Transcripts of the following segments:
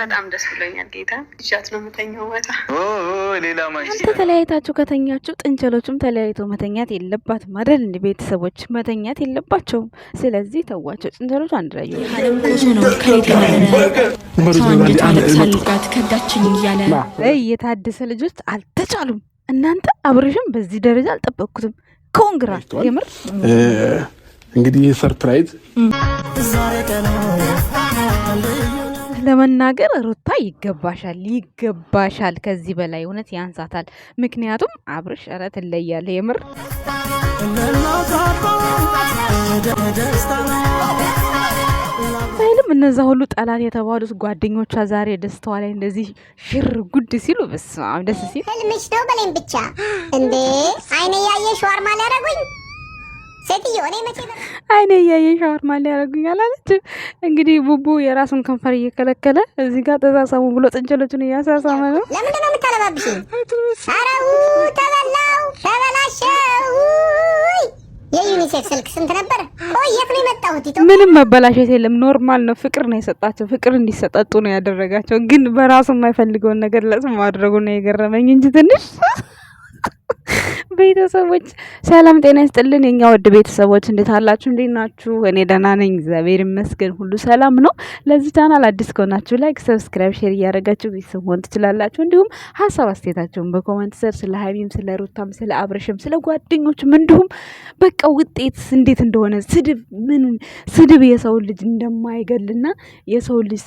በጣም ደስ ብሎኛል። ጌታ ብቻት ነው የምተኛው። መጣ ሌላ አንተ ተለያይታችሁ ከተኛችሁ ጥንቸሎችም ተለያይቶ መተኛት የለባት ማደል እንዲ ቤተሰቦች መተኛት የለባቸውም። ስለዚህ ተዋቸው። ጥንቸሎች አንድ ላይ ሳልጋት ከዳችን እያለ የታደሰ ልጆች አልተቻሉም። እናንተ አብሬሽም በዚህ ደረጃ አልጠበቅኩትም። ከወንግራ የምር እንግዲህ ሰርፕራይዝ ለመናገር ሩታ ይገባሻል፣ ይገባሻል። ከዚህ በላይ እውነት ያንሳታል። ምክንያቱም አብርሽ ኧረ ትለያለህ የምር አይልም። እነዛ ሁሉ ጠላት የተባሉት ጓደኞቿ ዛሬ ደስተዋ ላይ እንደዚህ ሽር ጉድ ሲሉ ብስ ደስ ሲል ህልምሽ ነው በለኝ ብቻ እንዴ አይነ ያየ ሸዋርማ ሊያደረጉኝ አይኔ እያየ ሻወር ማለ ያደረጉኛል አለች። እንግዲህ ቡቡ የራሱን ከንፈር እየከለከለ እዚህ ጋር ተሳሳሙ ብሎ ጥንቸሎቹን እያሳሳመ ነው። ለምንድነው የምታለባብሽ? አረው ተበላው ተበላሸው። የዩኒሴፍ ስልክ ስንት ነበር? የት ነው የመጣሁት? ምንም መበላሸት የለም ኖርማል ነው። ፍቅር ነው የሰጣቸው፣ ፍቅር እንዲሰጣጡ ነው ያደረጋቸው። ግን በራሱ የማይፈልገውን ነገር ለጽ ማድረጉ ነው የገረመኝ እንጂ ትንሽ ቤተሰቦች ሰላም ጤና ይስጥልን። የኛ ወድ ቤተሰቦች እንዴት አላችሁ? እንዴት ናችሁ? እኔ ደህና ነኝ፣ እግዚአብሔር ይመስገን፣ ሁሉ ሰላም ነው። ለዚህ ቻናል አዲስ ከሆናችሁ ላይክ፣ ሰብስክራይብ፣ ሼር እያደረጋችሁ ቤተሰብ ሆን ትችላላችሁ። እንዲሁም ሀሳብ አስተያየታችሁን በኮመንት ስር ስለ ሀይሚም፣ ስለ ሩታም፣ ስለ አብረሽም፣ ስለ ጓደኞችም እንዲሁም በቃ ውጤት እንዴት እንደሆነ ስድብ ምን ስድብ የሰው ልጅ እንደማይገልና የሰው ልጅ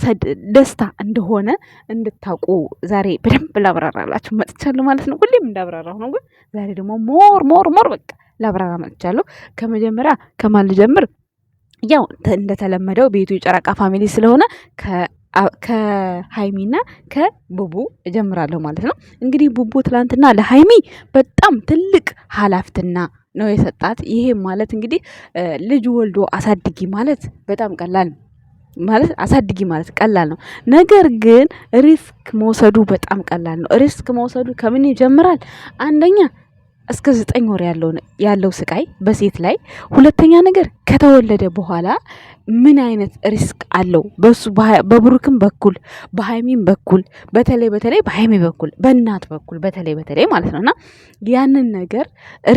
ደስታ እንደሆነ እንድታውቁ ዛሬ በደንብ ላብራራላችሁ መጥቻለሁ ማለት ነው። ሁሌም እንዳብራራሁ ነው ግን ዛሬ ደግሞ ሞር ሞር ሞር በቃ ላብራራ መጥቻለሁ። ከመጀመሪያ ከማን ልጀምር? ያው እንደተለመደው ቤቱ የጨረቃ ፋሚሊ ስለሆነ ከሀይሚና ከቡቡ እጀምራለሁ ማለት ነው። እንግዲህ ቡቡ ትላንትና ለሀይሚ በጣም ትልቅ ኃላፊነትና ነው የሰጣት። ይሄም ማለት እንግዲህ ልጅ ወልዶ አሳድጊ ማለት በጣም ቀላል ነው ማለት አሳድጊ ማለት ቀላል ነው። ነገር ግን ሪስክ መውሰዱ በጣም ቀላል ነው። ሪስክ መውሰዱ ከምን ይጀምራል? አንደኛ እስከ ዘጠኝ ወር ያለው ስቃይ በሴት ላይ። ሁለተኛ ነገር ከተወለደ በኋላ ምን አይነት ሪስክ አለው? በሱ በብሩክም በኩል በሀይሚም በኩል በተለይ በተለይ በሀይሚ በኩል በእናት በኩል በተለይ በተለይ ማለት ነው እና ያንን ነገር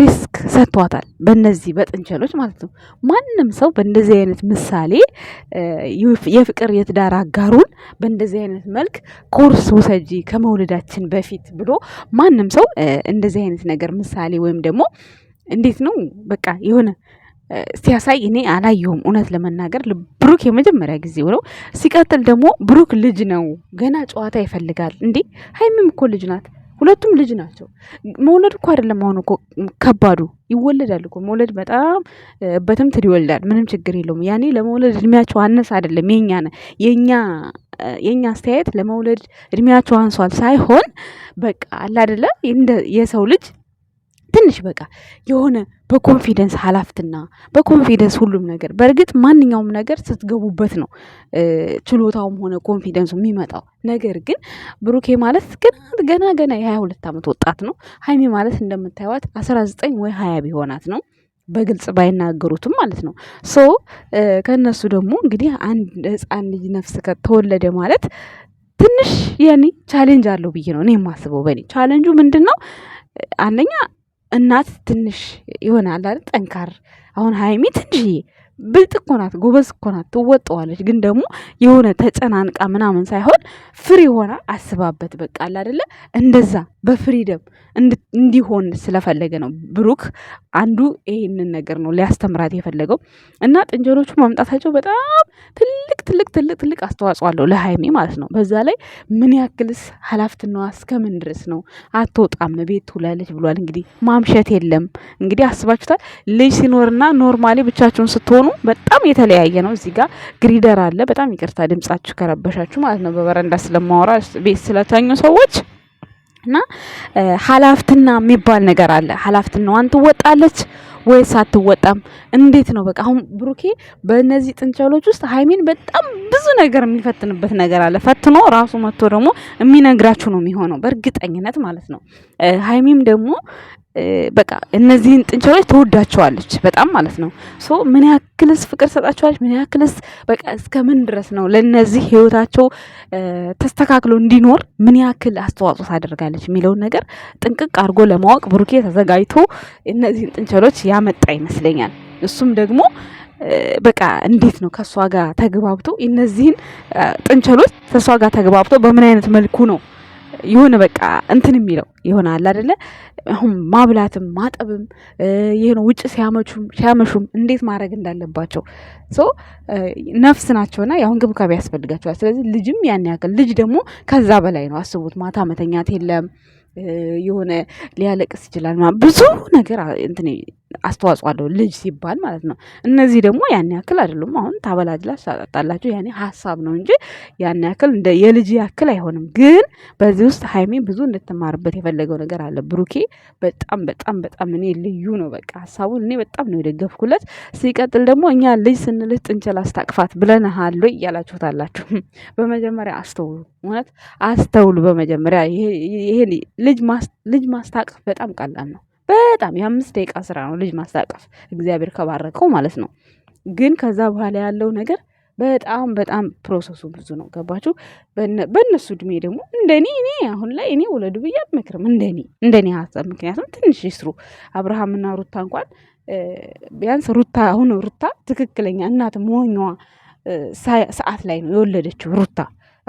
ሪስክ ሰጥቷታል፣ በነዚህ በጥንቸሎች ማለት ነው። ማንም ሰው በእንደዚህ አይነት ምሳሌ የፍቅር የትዳር አጋሩን በእንደዚህ አይነት መልክ ኮርስ ውሰጂ ከመውለዳችን በፊት ብሎ ማንም ሰው እንደዚህ አይነት ነገር ምሳሌ ምሳሌ ወይም ደግሞ እንዴት ነው በቃ የሆነ ሲያሳይ እኔ አላየሁም፣ እውነት ለመናገር ብሩክ የመጀመሪያ ጊዜ ብለው፣ ሲቀጥል ደግሞ ብሩክ ልጅ ነው፣ ገና ጨዋታ ይፈልጋል። እንዴ ሀይሚም እኮ ልጅ ናት፣ ሁለቱም ልጅ ናቸው። መውለድ እኮ አይደለም አሁን እኮ ከባዱ ይወለዳል እኮ መውለድ በጣም በትምትል ይወልዳል፣ ምንም ችግር የለውም። ያኔ ለመውለድ እድሜያቸው አነስ አይደለም። የኛ የኛ የኛ አስተያየት ለመውለድ እድሜያቸው አንሷል ሳይሆን በቃ አላደለ የሰው ልጅ ትንሽ በቃ የሆነ በኮንፊደንስ ሀላፍትና በኮንፊደንስ ሁሉም ነገር በእርግጥ ማንኛውም ነገር ስትገቡበት ነው ችሎታውም ሆነ ኮንፊደንሱ የሚመጣው። ነገር ግን ብሩኬ ማለት ገና ገና ገና የሀያ ሁለት ዓመት ወጣት ነው። ሀይሚ ማለት እንደምታዩት አስራ ዘጠኝ ወይ ሀያ ቢሆናት ነው በግልጽ ባይናገሩትም ማለት ነው። ሶ ከእነሱ ደግሞ እንግዲህ አንድ ህፃን ልጅ ነፍስ ከተወለደ ማለት ትንሽ የኔ ቻሌንጅ አለው ብዬ ነው እኔ የማስበው። በኔ ቻሌንጁ ምንድን ነው? አንደኛ እናት ትንሽ ይሆናል አይደል ጠንካራ አሁን ሀይሚ ትንሽዬ ብልጥ እኮ ናት፣ ጎበዝ እኮ ናት፣ ግን ደግሞ የሆነ ተጨናንቃ ምናምን ሳይሆን ፍሪ ሆና አስባበት በቃ አለ አይደለ? እንደዛ በፍሪደም እንዲሆን ስለፈለገ ነው ብሩክ አንዱ ይሄንን ነገር ነው ሊያስተምራት የፈለገው እና ጥንጀሎቹ ማምጣታቸው በጣም ትልቅ ትልቅ ትልቅ ትልቅ አስተዋጽኦ አለው ለሀይሜ ማለት ነው። በዛ ላይ ምን ያክልስ ኃላፊነቷ እስከምን ድረስ ነው? አትወጣም ቤት ትውላለች ብሏል። እንግዲህ ማምሸት የለም እንግዲህ አስባችሁታል። ልጅ ሲኖርና ኖርማሊ ብቻችሁን ስትሆኑ ነው። በጣም የተለያየ ነው። እዚህ ጋር ግሪደር አለ። በጣም ይቅርታ ድምጻችሁ ከረበሻችሁ ማለት ነው። በበረንዳ ስለማወራ ቤት ስለተኙ ሰዎች እና ሀላፍትና የሚባል ነገር አለ። ዋን ትወጣለች ወይስ አትወጣም? እንዴት ነው? በቃ አሁን ብሩኬ በእነዚህ ጥንቸሎች ውስጥ ሀይሜን በጣም ብዙ ነገር የሚፈትንበት ነገር አለ። ፈትኖ ራሱ መጥቶ ደግሞ የሚነግራችሁ ነው የሚሆነው በእርግጠኝነት ማለት ነው። ሀይሜም ደግሞ በቃ እነዚህን ጥንቸሎች ትወዳቸዋለች በጣም ማለት ነው። ሶ ምን ያክልስ ፍቅር ሰጣቸዋለች፣ ምን ያክልስ በቃ እስከ ምን ድረስ ነው ለእነዚህ ህይወታቸው ተስተካክሎ እንዲኖር ምን ያክል አስተዋጽኦ ታደርጋለች የሚለውን ነገር ጥንቅቅ አድርጎ ለማወቅ ብሩኬ ተዘጋጅቶ እነዚህን ጥንቸሎች ያመጣ ይመስለኛል። እሱም ደግሞ በቃ እንዴት ነው ከእሷ ጋር ተግባብቶ እነዚህን ጥንቸሎች ከእሷ ጋር ተግባብቶ በምን አይነት መልኩ ነው የሆነ በቃ እንትን የሚለው ይሆናል አደለ? አሁን ማብላትም ማጠብም ይሄ ውጭ ሲያመቹም ሲያመሹም እንዴት ማድረግ እንዳለባቸው ሶ ነፍስ ናቸውና ያው እንክብካቤ ያስፈልጋቸዋል። ስለዚህ ልጅም ያን ያክል ልጅ ደግሞ ከዛ በላይ ነው። አስቡት ማታ መተኛት የለም የሆነ ሊያለቅስ ይችላል ብዙ ነገር እንትን አስተዋጽኦ አለው ልጅ ሲባል ማለት ነው። እነዚህ ደግሞ ያን ያክል አይደሉም። አሁን ታበላጅላ ታጠጣላችሁ፣ ያኔ ሀሳብ ነው እንጂ ያን ያክል እንደ የልጅ ያክል አይሆንም። ግን በዚህ ውስጥ ሀይሜ ብዙ እንድትማርበት የፈለገው ነገር አለ። ብሩኬ በጣም በጣም በጣም እኔ ልዩ ነው። በቃ ሀሳቡን እኔ በጣም ነው የደገፍኩለት። ሲቀጥል ደግሞ እኛ ልጅ ስንልህ ጥንቸል አስታቅፋት ብለንሃል ወይ እያላችሁታላችሁ። በመጀመሪያ አስተውሉ፣ እውነት አስተውሉ። በመጀመሪያ ይሄ ልጅ ማስታቀፍ በጣም ቀላል ነው። በጣም የአምስት ደቂቃ ስራ ነው ልጅ ማስታቀፍ እግዚአብሔር ከባረከው ማለት ነው። ግን ከዛ በኋላ ያለው ነገር በጣም በጣም ፕሮሰሱ ብዙ ነው። ገባችሁ? በእነሱ እድሜ ደግሞ እንደኔ እኔ አሁን ላይ እኔ ውለዱ ብዬ አትመክርም። እንደኔ እንደኔ ሀሳብ ምክንያቱም ትንሽ ይስሩ። አብርሃምና ሩታ እንኳን ቢያንስ ሩታ አሁን ሩታ ትክክለኛ እናት መሆኛዋ ሰዓት ላይ ነው የወለደችው ሩታ።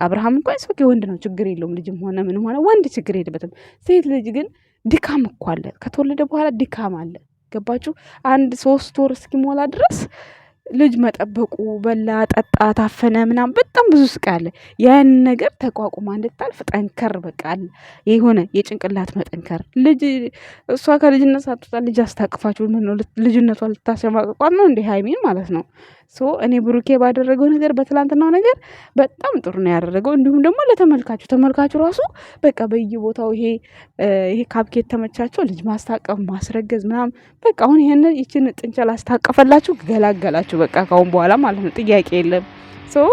አብርሃም እንኳን ሶኬ ወንድ ነው ችግር የለውም ልጅም ሆነ ምንም ሆነ ወንድ ችግር የለበትም። ሴት ልጅ ግን ድካም እኮ አለ። ከተወለደ በኋላ ድካም አለ። ገባችሁ? አንድ ሶስት ወር እስኪሞላ ድረስ ልጅ መጠበቁ በላ፣ ጠጣ፣ ታፈነ ምናምን በጣም ብዙ ስቃ አለ። ያን ነገር ተቋቁማ እንድታልፍ ጠንከር በቃ አለ የሆነ የጭንቅላት መጠንከር። ልጅ እሷ ከልጅነት ሳትወጣ ልጅ አስታቅፋችሁ ልጅነቷ ልታሸማቅቋት ነው እንዲህ ሀይሚን ማለት ነው። ሶ እኔ ብሩኬ ባደረገው ነገር በትላንትናው ነገር በጣም ጥሩ ነው ያደረገው። እንዲሁም ደግሞ ለተመልካቹ ተመልካቹ ራሱ በቃ በየቦታው ይሄ ይሄ ካፕኬት ተመቻቸው፣ ልጅ ማስታቀፍ፣ ማስረገዝ ምናም በቃ አሁን ይህንን ይችን ጥንቸል አስታቀፈላችሁ፣ ገላገላችሁ በቃ ካሁን በኋላ ማለት ነው ጥያቄ የለም። ሶ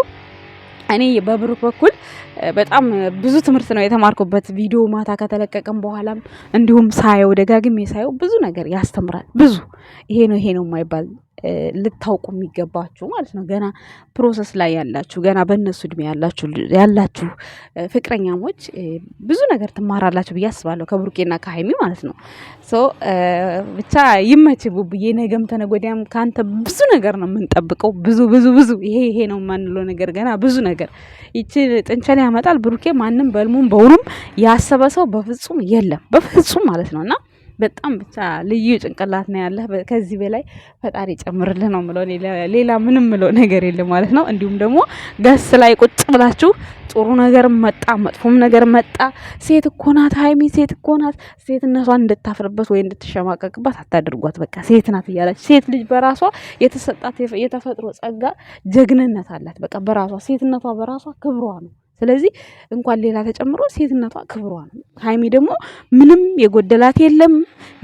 እኔ በብሩክ በኩል በጣም ብዙ ትምህርት ነው የተማርኩበት። ቪዲዮ ማታ ከተለቀቀም በኋላም እንዲሁም ሳየው ደጋግሜ ሳየው ብዙ ነገር ያስተምራል። ብዙ ይሄ ነው ይሄ ነው የማይባል ልታውቁ የሚገባችሁ ማለት ነው። ገና ፕሮሰስ ላይ ያላችሁ ገና በእነሱ እድሜ ያላችሁ ፍቅረኛሞች ብዙ ነገር ትማራላችሁ ብዬ አስባለሁ ከብሩቄና ከሀይሚ ማለት ነው። ሶ ብቻ ይመች ቡቡዬ። ነገም ተነጎዲያም ከአንተ ብዙ ነገር ነው የምንጠብቀው። ብዙ ብዙ ብዙ ይሄ ይሄ ነው የማንለው ነገር ገና ብዙ ነገር ይቺ ጥንቸል ያመጣል ብሩኬ። ማንም በልሙም በውሉም ያሰበ ሰው በፍጹም የለም በፍጹም ማለት ነው እና በጣም ብቻ ልዩ ጭንቅላት ነው ያለህ። ከዚህ በላይ ፈጣሪ ጨምርልህ ነው ምለው። ሌላ ምንም ምለው ነገር የለም ማለት ነው። እንዲሁም ደግሞ ገስ ላይ ቁጭ ብላችሁ ጥሩ ነገር መጣ፣ መጥፎም ነገር መጣ፣ ሴት እኮ ናት ሀይሚ፣ ሴት እኮ ናት። ሴትነቷን እንድታፍርበት ወይ እንድትሸማቀቅባት አታድርጓት። በቃ ሴት ናት እያላችሁ ሴት ልጅ በራሷ የተሰጣት የተፈጥሮ ጸጋ ጀግንነት አላት። በቃ በራሷ ሴትነቷ በራሷ ክብሯ ነው። ስለዚህ እንኳን ሌላ ተጨምሮ ሴትነቷ ክብሯ ነው። ሀይሚ ደግሞ ምንም የጎደላት የለም፣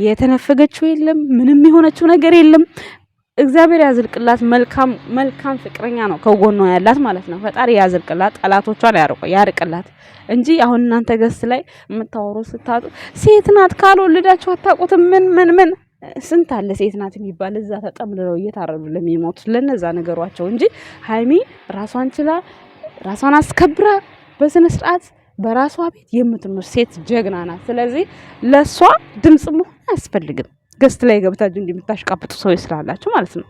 የተነፈገችው የለም፣ ምንም የሆነችው ነገር የለም። እግዚአብሔር ያዝልቅላት። መልካም መልካም ፍቅረኛ ነው ከጎኗ ያላት ማለት ነው። ፈጣሪ ያዝልቅላት፣ ጠላቶቿን ያርቅላት እንጂ አሁን እናንተ ገስ ላይ የምታወሩ ስታጡ ሴት ናት ካልወለዳችሁ አታውቁትም። ምን ምን ምን ስንት አለ ሴት ናት የሚባል እዛ ተጠምልለው እየታረዱ ለሚሞቱት ለነዛ ነገሯቸው እንጂ ሀይሚ ራሷን ችላ ራሷን አስከብራ በስነ ስርዓት በራሷ ቤት የምትኖር ሴት ጀግና ናት። ስለዚህ ለእሷ ድምፅ መሆን አያስፈልግም። ገስት ላይ ገብታችሁ እንደምታሽቃብጡ ሰው ስላላችሁ ማለት ነው።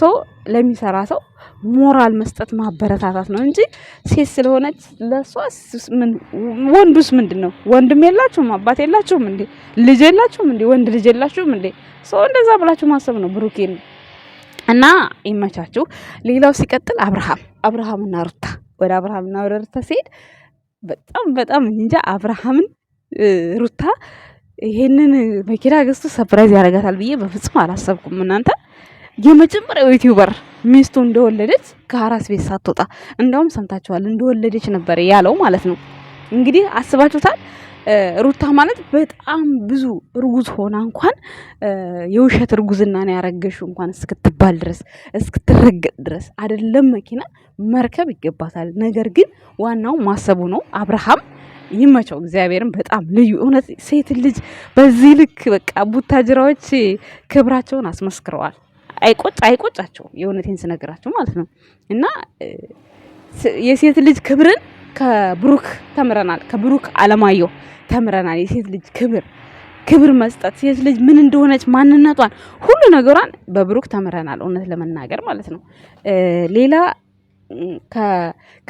ሰው ለሚሰራ ሰው ሞራል መስጠት ማበረታታት ነው እንጂ ሴት ስለሆነች ለእሷ ወንዱስ ምንድን ነው? ወንድም የላችሁም? አባት የላችሁም እንዴ? ልጅ የላችሁም እንዴ? ወንድ ልጅ የላችሁም እንዴ? ሰው እንደዛ ብላችሁ ማሰብ ነው። ብሩኬን እና ይመቻችሁ። ሌላው ሲቀጥል አብርሃም አብርሃምና ሩታ ወደ አብርሃምና ወደ ሩታ ሲሄድ በጣም በጣም እንጃ አብርሃምን ሩታ ይሄንን መኪና ገዝቶ ሰፕራይዝ ያደርጋታል ብዬ በፍጹም አላሰብኩም። እናንተ የመጀመሪያው ዩቲዩበር ሚስቱ እንደወለደች ከአራስ ቤት ሳትወጣ እንደውም ሰምታችኋል፣ እንደወለደች ነበር ያለው ማለት ነው። እንግዲህ አስባችሁታል። ሩታ ማለት በጣም ብዙ እርጉዝ ሆና እንኳን የውሸት እርጉዝና ነው ያረገሹ እንኳን እስክትባል ድረስ እስክትረገጥ ድረስ አይደለም መኪና መርከብ ይገባታል። ነገር ግን ዋናው ማሰቡ ነው። አብርሃም ይመቸው እግዚአብሔርም በጣም ልዩ እውነት ሴት ልጅ በዚህ ልክ በቃ ቡታጅራዎች ክብራቸውን አስመስክረዋል። አይቆጭ አይቆጫቸውም የእውነቴን ስነግራቸው ማለት ነው እና የሴት ልጅ ክብርን ከብሩክ ተምረናል። ከብሩክ አለማየሁ ተምረናል። የሴት ልጅ ክብር ክብር መስጠት ሴት ልጅ ምን እንደሆነች ማንነቷን፣ ሁሉ ነገሯን በብሩክ ተምረናል። እውነት ለመናገር ማለት ነው። ሌላ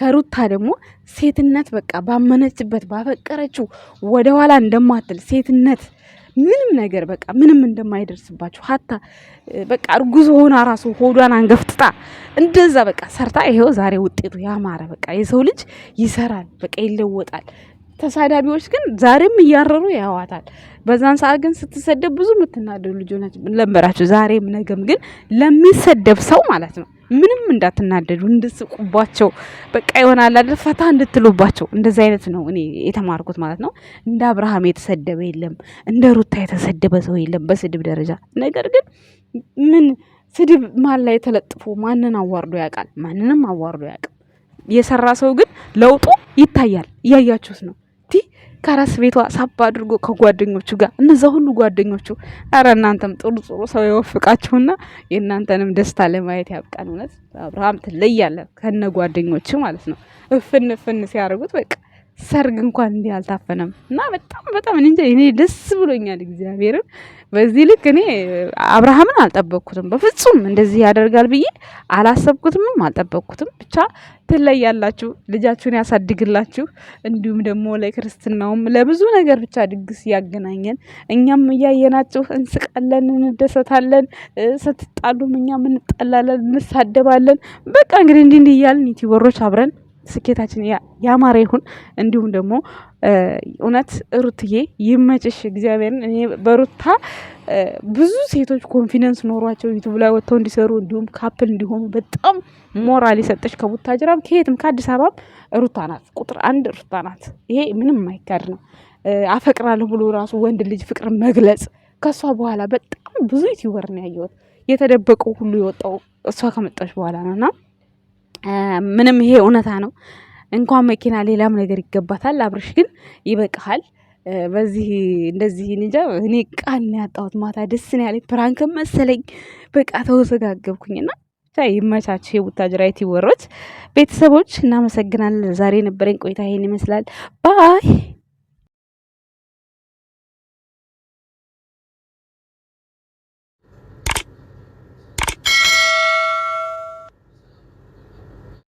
ከሩታ ደግሞ ሴትነት በቃ ባመነችበት ባፈቀረችው ወደኋላ እንደማትል ሴትነት ምንም ነገር በቃ ምንም እንደማይደርስባችሁ ሀታ በቃ እርጉዝ ሆና ራሱ ሆዷን አንገፍጥጣ እንደዛ በቃ ሰርታ ይሄው ዛሬ ውጤቱ ያማረ። በቃ የሰው ልጅ ይሰራል፣ በቃ ይለወጣል። ተሳዳቢዎች ግን ዛሬም እያረሩ ያዋታል። በዛን ሰዓት ግን ስትሰደብ ብዙ የምትናደዱ ልጆች ነበራችሁ፣ ዛሬም ነገም ግን ለሚሰደብ ሰው ማለት ነው ምንም እንዳትናደዱ እንድስቁባቸው፣ በቃ ይሆናል አይደል ፈታ እንድትሉባቸው። እንደዚህ አይነት ነው እኔ የተማርኩት ማለት ነው። እንደ አብርሃም የተሰደበ የለም፣ እንደ ሩታ የተሰደበ ሰው የለም በስድብ ደረጃ። ነገር ግን ምን ስድብ ማን ላይ ተለጥፎ ማንን አዋርዶ ያውቃል? ማንንም አዋርዶ ያውቅም። የሰራ ሰው ግን ለውጡ ይታያል። እያያችሁት ነው። ከራስ ቤቷ ሳባ አድርጎ ከጓደኞቹ ጋር እነዛ ሁሉ ጓደኞቹ። አረ እናንተም ጥሩ ጥሩ ሰው የወፍቃችሁና የእናንተንም ደስታ ለማየት ያብቃን። እውነት አብርሃም ትለያለ ከነ ጓደኞች ማለት ነው። እፍን እፍን ሲያደርጉት በቃ ሰርግ እንኳን እንዲህ አልታፈነም እና በጣም በጣም እኔ ደስ ብሎኛል እግዚአብሔርን በዚህ ልክ እኔ አብርሃምን አልጠበቅኩትም፣ በፍጹም እንደዚህ ያደርጋል ብዬ አላሰብኩትም አልጠበቅኩትም። ብቻ ትለያላችሁ፣ ልጃችሁን ያሳድግላችሁ። እንዲሁም ደግሞ ለክርስትናውም ለብዙ ነገር ብቻ ድግስ ያገናኘን፣ እኛም እያየናችሁ እንስቃለን፣ እንደሰታለን። ስትጣሉም እኛም እንጣላለን፣ እንሳደባለን። በቃ እንግዲህ እንዲህ እንዲህ እያልን ዩቲዩበሮች አብረን ስኬታችን ያማረ ይሁን። እንዲሁም ደግሞ እውነት ሩትዬ ይመጭሽ፣ እግዚአብሔርን እኔ በሩታ ብዙ ሴቶች ኮንፊደንስ ኖሯቸው ዩቱብ ላይ ወጥተው እንዲሰሩ እንዲሁም ካፕል እንዲሆኑ በጣም ሞራል የሰጠች ከቡታጅራም ከየትም ከአዲስ አበባም ሩታ ናት። ቁጥር አንድ ሩታ ናት። ይሄ ምንም አይካድ ነው። አፈቅራለሁ ብሎ ራሱ ወንድ ልጅ ፍቅር መግለጽ ከእሷ በኋላ በጣም ብዙ ዩቲዩበር ነው ያየሁት። የተደበቀው ሁሉ የወጣው እሷ ከመጣች በኋላ ነው እና ምንም ይሄ እውነታ ነው። እንኳን መኪና ሌላም ነገር ይገባታል። አብርሽ ግን ይበቃሃል። በዚህ እንደዚህ እንጃ እኔ ቃል ነው ያጣሁት። ማታ ደስ ነው ያለኝ። ፕራንክም መሰለኝ በቃ ተወዘጋገብኩኝና ብቻ ይመቻችሁ። የቡታጅራይት ወሮች ቤተሰቦች እናመሰግናለን። ዛሬ የነበረኝ ቆይታ ይሄን ይመስላል። ባይ